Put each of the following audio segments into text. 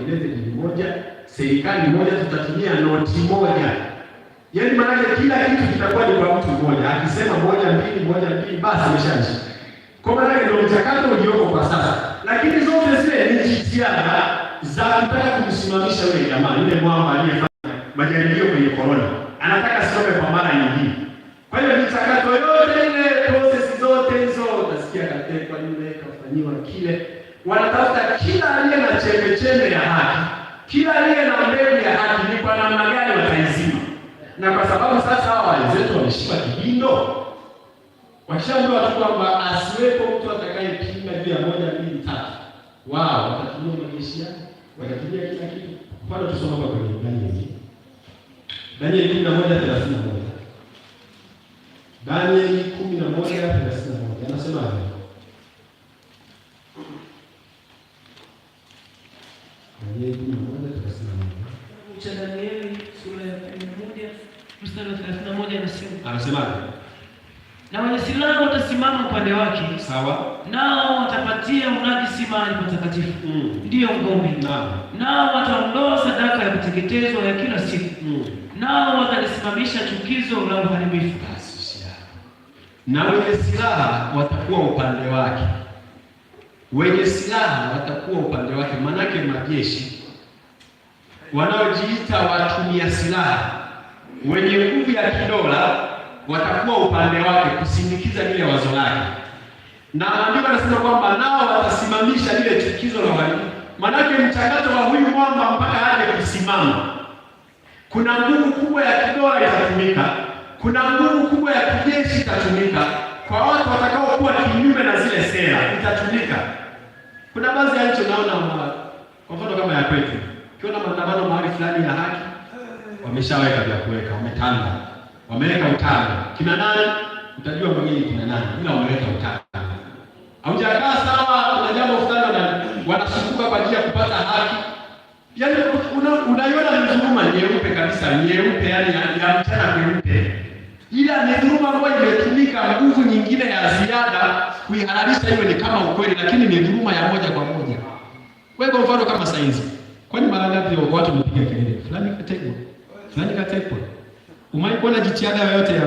tutengeneze jiji moja, serikali moja, tutatumia noti moja. Yaani maana kila kitu kitakuwa ni kwa mtu mmoja, akisema moja mbili moja mbili, basi imeshaisha. Kwa maana ndio mchakato ulioko kwa sasa, lakini zote zile ni jitihada za kutaka kumsimamisha yule jamaa, yule mwamba aliyefanya majaribio kwenye korona, anataka sioe kwa mara nyingine. Kwa hiyo michakato yote ile, process zote hizo, utasikia katekwa yule kafanyiwa kile wanataka kila aliye na chembechembe ya haki, kila aliye na mbegu ya haki, ni kwa namna gani wataizima? Na kwa sababu sasa hawa wenzetu wameshiba kibindo, wakishaambiwa tu kwamba asiwepo mtu atakayepinga juu ya moja, mbili, tatu, wao watatumia majeshi watatumia kila kitu. Mfano tusoma hapa kwenye Danieli, Danieli kumi na moja thelathini na moja Danieli kumi na moja thelathini na moja anasema Danieli sura ya 11 mstari anasema, Na wenye silaha watasimama upande wake, sawa, nao watapatia unajisi mahali patakatifu, mm. ndiyo ngome, nao wataondoa sadaka ya kuteketezwa ya kila siku, mm. nao watalisimamisha chukizo la uharibifu. Na wenye silaha watakuwa upande wake wenye silaha watakuwa upande wake, manake majeshi wanaojiita watumia silaha wenye nguvu ya kidola watakuwa upande wake kusindikiza lile wazo lake, na andiko anasema kwamba nao watasimamisha lile chukizo la uharibifu. Manake mchakato wa huyu mwamba mpaka aje kusimama, kuna nguvu kubwa ya kidola itatumika, kuna nguvu kubwa ya kijeshi itatumika, kwa watu watakaokuwa kinyume na zile sera itatumika. Kuna baadhi ya nchi unaona, kwa mfano kama ya kwetu, ukiona maandamano mahali fulani ya haki, wameshaweka vya kuweka, wametanda, wameweka utanda. Kina nani? Utajua mwenyewe kina nani, ila wameweka utanda. Haujakaa sawa, kuna jambo fulani wanasukuka kwa ajili ya kupata haki. Yaani unaiona mzuruma nyeupe kabisa, nyeupe, yani ya mchana kweupe ila ni dhuluma ambayo imetumika nguvu nyingine ya ziada kuihalalisha. Hiyo ni kama ukweli, lakini ni dhuluma ya moja kwa moja. Wewe kwa mfano kama saa saizi, kwani mara ngapi watu wamepiga kelele fulani kategwa, fulani kategwa? Umewahi kuona jitihada yoyote ya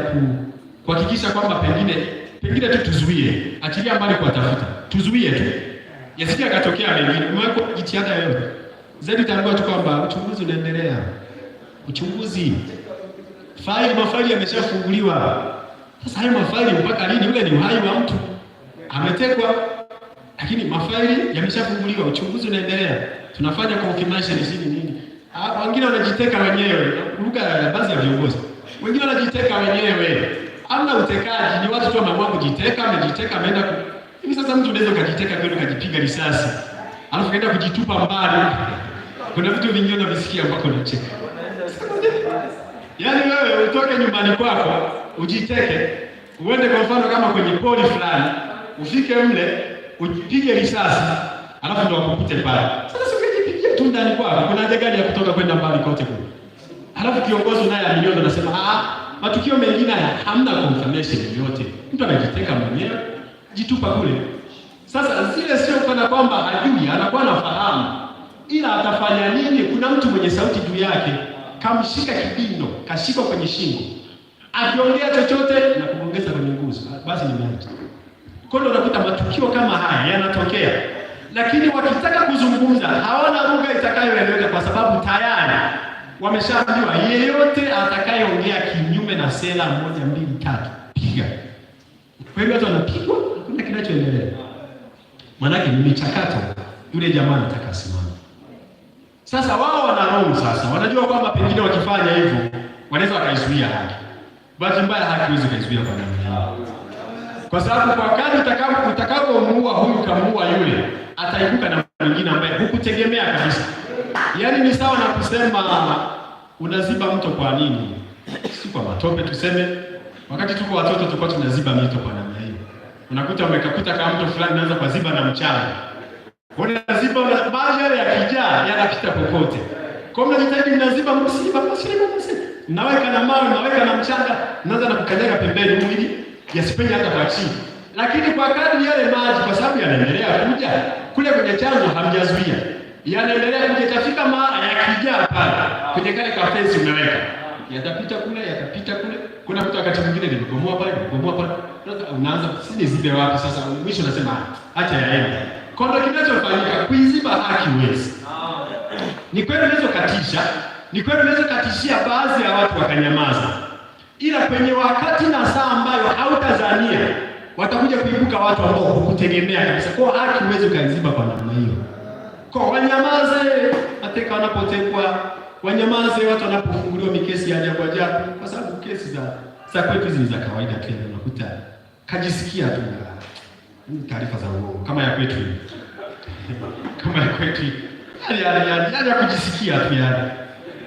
kuhakikisha kwamba pengine pengine tu tuzuie, achilia mbali kuwatafuta, tuzuie tu yasije akatokea mengine? Umewahi kuona jitihada yoyote zaidi? Tangua tu kwamba uchunguzi unaendelea, uchunguzi faili mafaili yameshafunguliwa. Sasa hayo mafaili mpaka lini? Yule ni uhai wa mtu ametekwa, lakini mafaili yameshafunguliwa, uchunguzi unaendelea, tunafanya confirmation sini nini. Ah, wengine wanajiteka wenyewe, lugha ya baadhi ya viongozi, wengine wanajiteka wenyewe. Hamna utekaji, ni watu tu wameamua kujiteka, amejiteka ameenda ku... hivi sasa mtu unaweza ukajiteka kwenda ukajipiga risasi alafu kaenda kujitupa mbali. Kuna vitu vingine unavisikia mpaka unacheka. Yaani wewe utoke nyumbani kwako ujiteke, uende kwa mfano kama kwenye poli fulani, ufike mle ujipige risasi, alafu ndio wakukute pale. Sasa si ukijipigia tu ndani kwako, kuna haja gani ya kutoka kwenda mbali kote kule? Alafu kiongozi naye amilioni anasema ah, ah, matukio mengine haya hamna confirmation yoyote, mtu anajiteka mwenyewe, jitupa kule. Sasa zile sio kana kwamba hajui, anakuwa anafahamu, ila atafanya nini? Kuna mtu mwenye sauti juu yake kamshika kipindo, kashika kwenye shingo, akiongea chochote na kumongeza kwenye nguzo, basi ni mauti. Kwa hiyo unakuta matukio kama haya yanatokea, lakini wakitaka kuzungumza hawana lugha itakayoeleweka, kwa sababu tayari wameshaambiwa yeyote atakayeongea kinyume na sera moja mbili tatu piga. Kwa hiyo watu wanapigwa, hakuna kinachoendelea, maanake ni michakato. Yule jamaa anataka simama sasa wao wana roho sasa, wanajua kwamba pengine wakifanya hivyo wanaweza wakaizuia haki. Bahati mbaya haki huwezi kaizuia kwa namna, kwa sababu kwa kadri utakapomuua huyu kamuua yule, ataibuka na mwingine ambaye hukutegemea kabisa. Yaani ni sawa na kusema unaziba mto kwa nini? Si kwa matope tuseme. Wakati tuko watoto tulikuwa tunaziba mito kwa namna hiyo, unakuta umekakuta kama mto fulani unaanza kuziba na mchanga Unaziba maji yale yakijaa yanapita popote. Kwa hiyo mnajitahidi mnaziba msiba, basi ni msiba. Naweka na mawe, naweka na mchanga, naanza na kukanyaga pembeni mwili yasipenye hata kwa chini. Lakini kwa kadri yale maji kwa sababu yanaendelea kuja kule kwenye chanzo hamjazuia. Yanaendelea kuja tafika mara yakijaa pale. Kwenye kale ka fence umeweka. Yatapita kule, yatapita kule. Kuna mtu wakati mwingine nimekomoa pale, nimekomoa pale. Unaanza sisi zibe wapi sasa? Mwisho nasema acha yaende. Kwa ndio kinachofanyika kuiziba haki wezi. Ni kweli unaweza katisha, ni kweli unaweza katishia baadhi ya watu wakanyamaza. Ila kwenye wakati na saa ambayo hautazania watakuja kuibuka watu ambao hukutegemea kabisa. Kwa haki huwezi ukaiziba kwa namna hiyo. Kwa wanyamaze mateka wanapotekwa, wanyamaze watu wanapofunguliwa mikesi ya ajabu ajabu, kwa sababu kesi za za kwetu hizi za kawaida tu unakuta kajisikia tu taarifa za uongo kama ya kwetu kama ya kwetu hali yaani, yaani, yaani, ya kujisikia tu yani.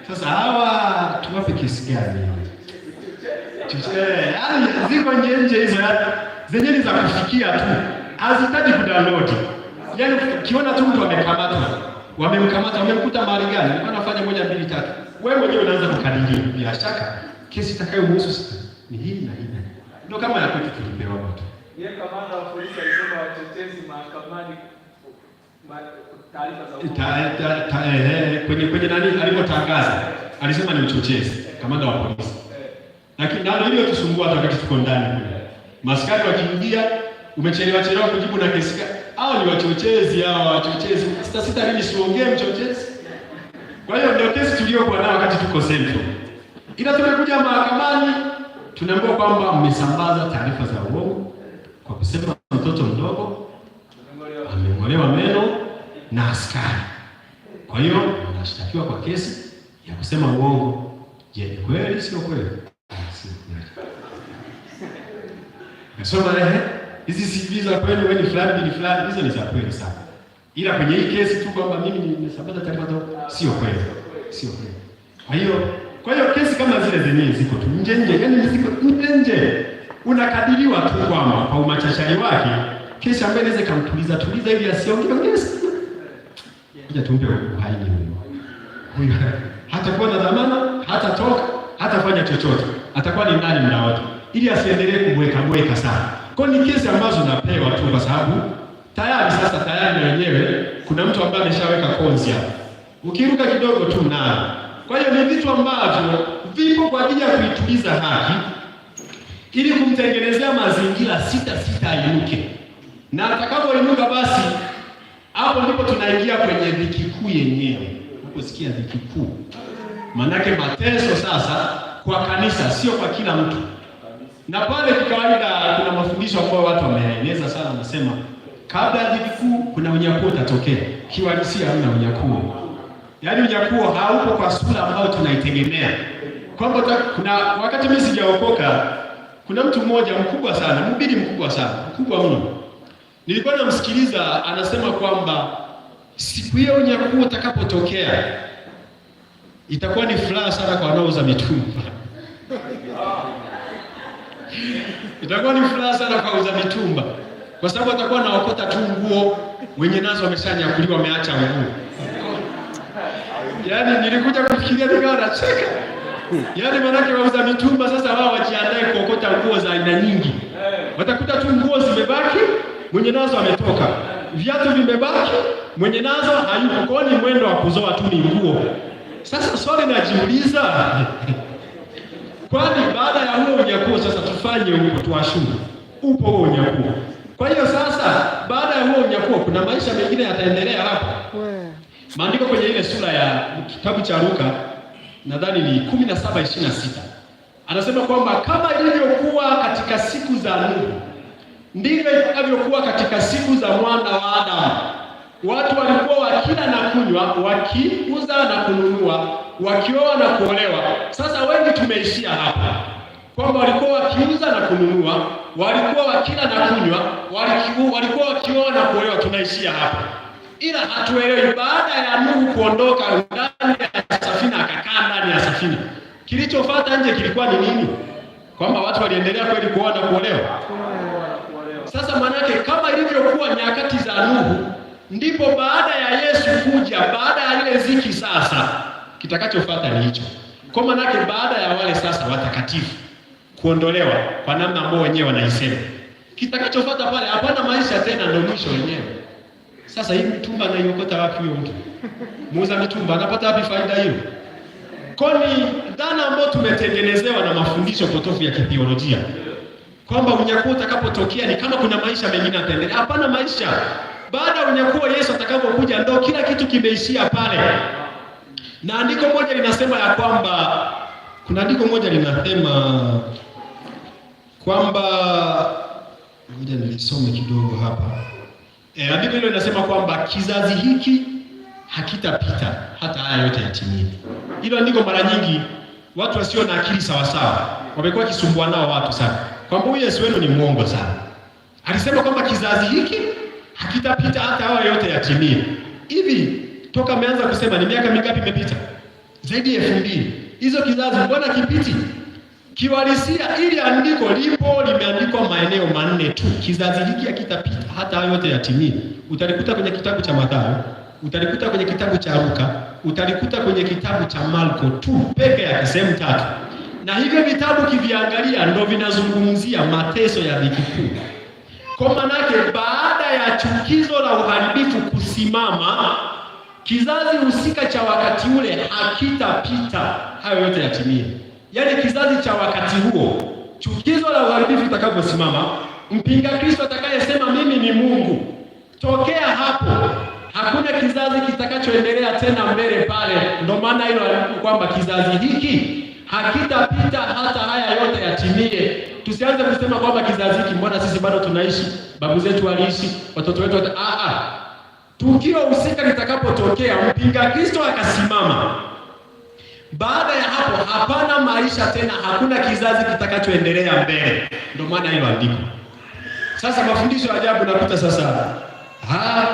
Sasa hawa tuwape kesi gani? Eh, yaani ziko nje nje hizo zenye ni za kufikia tu, hazihitaji kudownload. Yaani ukiona tu mtu amekamatwa, wamemkamata, wamemkuta mahali gani, anafanya moja mbili tatu, wewe mwenyewe unaanza kukadiria. Bila shaka kesi itakayomhusu sasa ni hii na hii, ndio kama ya kwetu tulipewa watu yeye kamanda wa polisi alisema watetezi mahakamani eh, eh, kwenye kwenye nani alipotangaza alisema ni uchochezi, kamanda wa polisi. Eh. Lakini nalo hilo tusumbua wakati tuko ndani kule, maskari wakiingia, umechelewa chelewa kujibu na kesi. Hao ni wachochezi, hao wachochezi. Sita sita mimi siongee mchochezi. Kwa hiyo ndio kesi tuliyokuwa nayo wakati tuko central, ila tumekuja mahakamani tunaambiwa kwamba mmesambaza taarifa za uongo kwa kusema mtoto mdogo ameng'olewa meno na askari. Kwa hiyo anashtakiwa kwa kesi ya kusema uongo. Je, ni kweli? Sio kweli? Nasoma lehe hizi CV za kweli, wewe ni fulani, ni fulani, hizo ni za kweli sana, ila kwenye hii kesi tu kwamba mimi nimesambaza taarifa za, sio kweli, sio kweli. Kwa hiyo kwa hiyo kesi kama zile zenyewe ziko tu nje nje, yani ziko nje nje unakadiriwa tu kwamba kwa umachachari wake kesi ambayo inaweza ikamtuliza tuliza ili asiongee ongee sana. Kuja tumpe uhai ni huyo. Hatakuwa na dhamana, hatatoka, hatafanya chochote. Atakuwa ni ndani mna watu ili asiendelee kubweka mweka sana. Kwa ni kesi ambazo napewa tu kwa sababu tayari sasa tayari na wenyewe kuna mtu ambaye ameshaweka konzi hapo. Ukiruka kidogo tu nayo. Kwa hiyo ni vitu ambavyo vipo kwa ajili ya kuituliza haki ili kumtengenezea mazingira sita sita ainuke, na atakapoinuka basi hapo ndipo tunaingia kwenye dhiki kuu yenyewe. Unaposikia dhiki kuu, manake mateso sasa kwa kanisa, sio kwa kila mtu. Na pale kikawaida kuna mafundisho ambayo watu wameeleza sana, wanasema kabla ya dhiki kuu kuna unyakuo utatokea. Kiuhalisia hamna unyakuo, yaani unyakuo haupo kwa sura ambayo tunaitegemea kwamba kuna wakati mimi sijaokoka kuna mtu mmoja mkubwa sana, mhubiri mkubwa sana, mkubwa mno, nilikuwa namsikiliza anasema kwamba siku hiyo unyakuo utakapotokea itakuwa ni furaha sana kwa wanaouza mitumba itakuwa ni furaha sana kwa uza mitumba, kwa sababu atakuwa naokota tu nguo, mwenye nazo wameshanyakuliwa, wameacha nguo. Yaani nilikuja kufikiria nikawa nacheka. Yaani maanake wauza mitumba sasa wao wajiandae kuokota nguo za aina nyingi. Watakuta tu nguo zimebaki, mwenye nazo ametoka. Viatu vimebaki, mwenye nazo hayuko. Kwa ni mwendo wa kuzoa tu ni nguo. Sasa swali najiuliza, kwani baada ya huo unyakuo sasa tufanye huko tuashuru. Upo huo unyakuo. Kwa hiyo sasa baada ya huo unyakuo kuna maisha mengine yataendelea hapo. Maandiko kwenye ile sura ya kitabu cha Luka nadhani ni 17 anasema kwamba kama ilivyokuwa katika siku za Nuhu ndivyo itakavyokuwa katika siku za mwana wa Adamu. Watu walikuwa wakila na kunywa, wakiuza na kununua, wakioa na kuolewa. Sasa wengi tumeishia hapa kwamba walikuwa wakiuza na kununua, walikuwa wakila na kunywa, walikuwa wakioa na kuolewa. Tunaishia hapa ila hatuelewi. Baada ya Nuhu kuondoka ndani ya safina, akakaa ndani ya safina, kilichofuata nje kilikuwa ni nini? Kwamba watu waliendelea kweli kuoa na kuolewa. Sasa manake, kama ilivyokuwa nyakati za Nuhu, ndipo baada ya Yesu kuja, baada ya ile ziki, sasa kitakachofuata ni hicho. Kwa manake, baada ya wale sasa watakatifu kuondolewa kwa namna ambao wenyewe wanaisema, kitakachofuata pale hapana maisha tena, ndio mwisho wenyewe. Sasa hii mtumba anaiokota wapi huyo mtu? Muuza mtumba anapata wapi faida hiyo? Kwani dhana ambayo tumetengenezewa na mafundisho potofu ya kitheolojia kwamba unyakuo utakapotokea ni kama kuna maisha mengine ataendelea. Hapana, maisha baada ya unyakuo, Yesu atakapokuja, ndio kila kitu kimeishia pale. Na andiko moja linasema ya kwamba kuna andiko moja linasema kwamba, ngoja nilisome kidogo hapa E, na Biblia inasema kwamba kizazi hiki hakitapita hata haya yote yatimie. Hilo andiko mara nyingi watu wasio na akili sawasawa wamekuwa kisumbua nao watu sana, kwamba huyu Yesu wenu ni mwongo sana, alisema kwamba kizazi hiki hakitapita hata haya yote yatimie. Hivi toka ameanza kusema ni miaka mingapi imepita? Zaidi ya elfu mbili. Hizo kizazi mbona kipiti? Kiwalisia ili andiko lipo limeandikwa maeneo manne tu. Kizazi hiki hakitapita hata hayo yote yatimie. Utalikuta kwenye kitabu cha Mathayo, utalikuta kwenye kitabu cha Luka, utalikuta kwenye kitabu cha Marko tu peke yake, sehemu tatu. Na hivyo vitabu kiviangalia, ndio vinazungumzia mateso ya dhiki kuu. Kwa manake baada ya chukizo la uharibifu kusimama, kizazi husika cha wakati ule hakitapita hayo yote yatimie yaani kizazi cha wakati huo, chukizo la uharibifu litakavyosimama, mpinga Kristo atakayesema mimi ni Mungu, tokea hapo hakuna kizazi kitakachoendelea tena mbele pale. Ndio maana hilo alikuwa kwamba kizazi hiki hakitapita hata haya yote yatimie. Tusianze kusema kwamba kizazi hiki, mbona sisi bado tunaishi, babu zetu waliishi, watoto wetu wata... Ah, ah. tukio husika litakapotokea, mpinga Kristo akasimama baada ya hapo hapana maisha tena, hakuna kizazi kitakachoendelea mbele. Ndio maana hiyo andiko sasa, mafundisho ya ajabu nakuta sasa. Ha,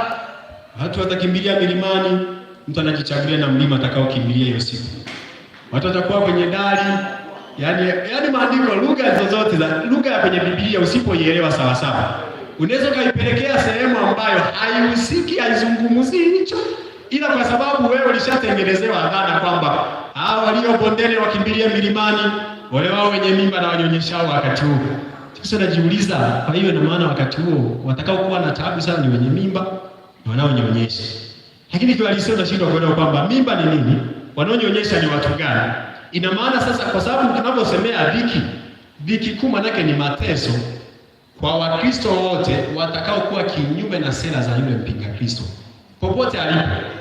watu watakimbilia milimani, mtu anajichagulia na mlima atakaokimbilia hiyo siku. Watu watakuwa kwenye dari, yaani yaani maandiko, lugha zozote za lugha ya kwenye Biblia usipoielewa sawa sawa, unaweza ukaipelekea sehemu ambayo haihusiki, haizungumzii hicho ila kwa sababu wewe ulishatengenezewa dhana kwamba hawa walio bondeni wakimbilia milimani, wale wao wenye mimba na wanyonyeshao wakati huo. Sasa najiuliza, kwa hiyo na maana wakati huo watakao kuwa na taabu sana ni wenye mimba na wanaonyonyesha. Lakini tu alisema tunashindwa kuelewa kwamba mimba ni nini, wanaonyonyesha ni watu gani? Ina maana sasa, kwa sababu tunaposemea dhiki, dhiki kuu manake ni mateso kwa Wakristo wote watakao kuwa kinyume na sera za yule mpinga Kristo popote alipo.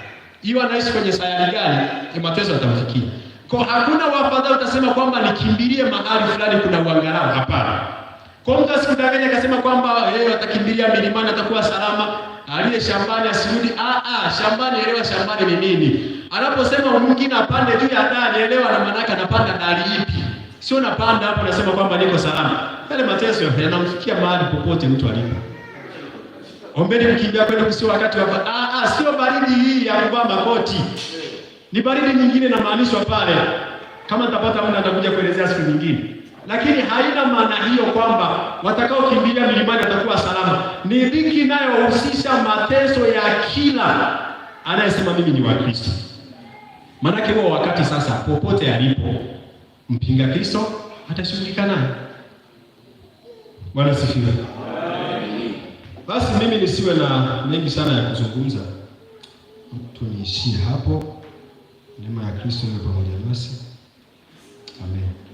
Iwe anaishi kwenye sayari gani, mateso atamfikia. Kwa hakuna wafadhali utasema kwamba nikimbilie mahali fulani kuna uangalau, hapana. Kwa mtu asikudanganye akasema kwamba yeye atakimbilia milimani atakuwa salama, aliye shambani asirudi. Ah ah, shambani elewa shambani ni nini. Anaposema mwingine apande juu ya dari, elewa na maana anapanda dari ipi? Sio napanda hapo nasema kwamba niko salama. Yale mateso yanamfikia mahali popote mtu alipo. Ombeni kukimbia kwenda kusio wakati wa ah, ah, sio baridi hii ya kuvaa makoti. Ni baridi nyingine inamaanishwa pale. Kama nitapata muda nitakuja kuelezea siku nyingine. Lakini haina maana hiyo kwamba watakaokimbilia milimani watakuwa salama. Ni dhiki inayohusisha mateso ya kila anayesema mimi ni wa Kristo. Maanake huo wakati sasa, popote alipo mpinga Kristo atashughulika naye. Bwana sifiwe. Basi mimi nisiwe na mengi sana ya kuzungumza, tuniishie hapo. Neema ya Kristo iwe pamoja nasi, amen.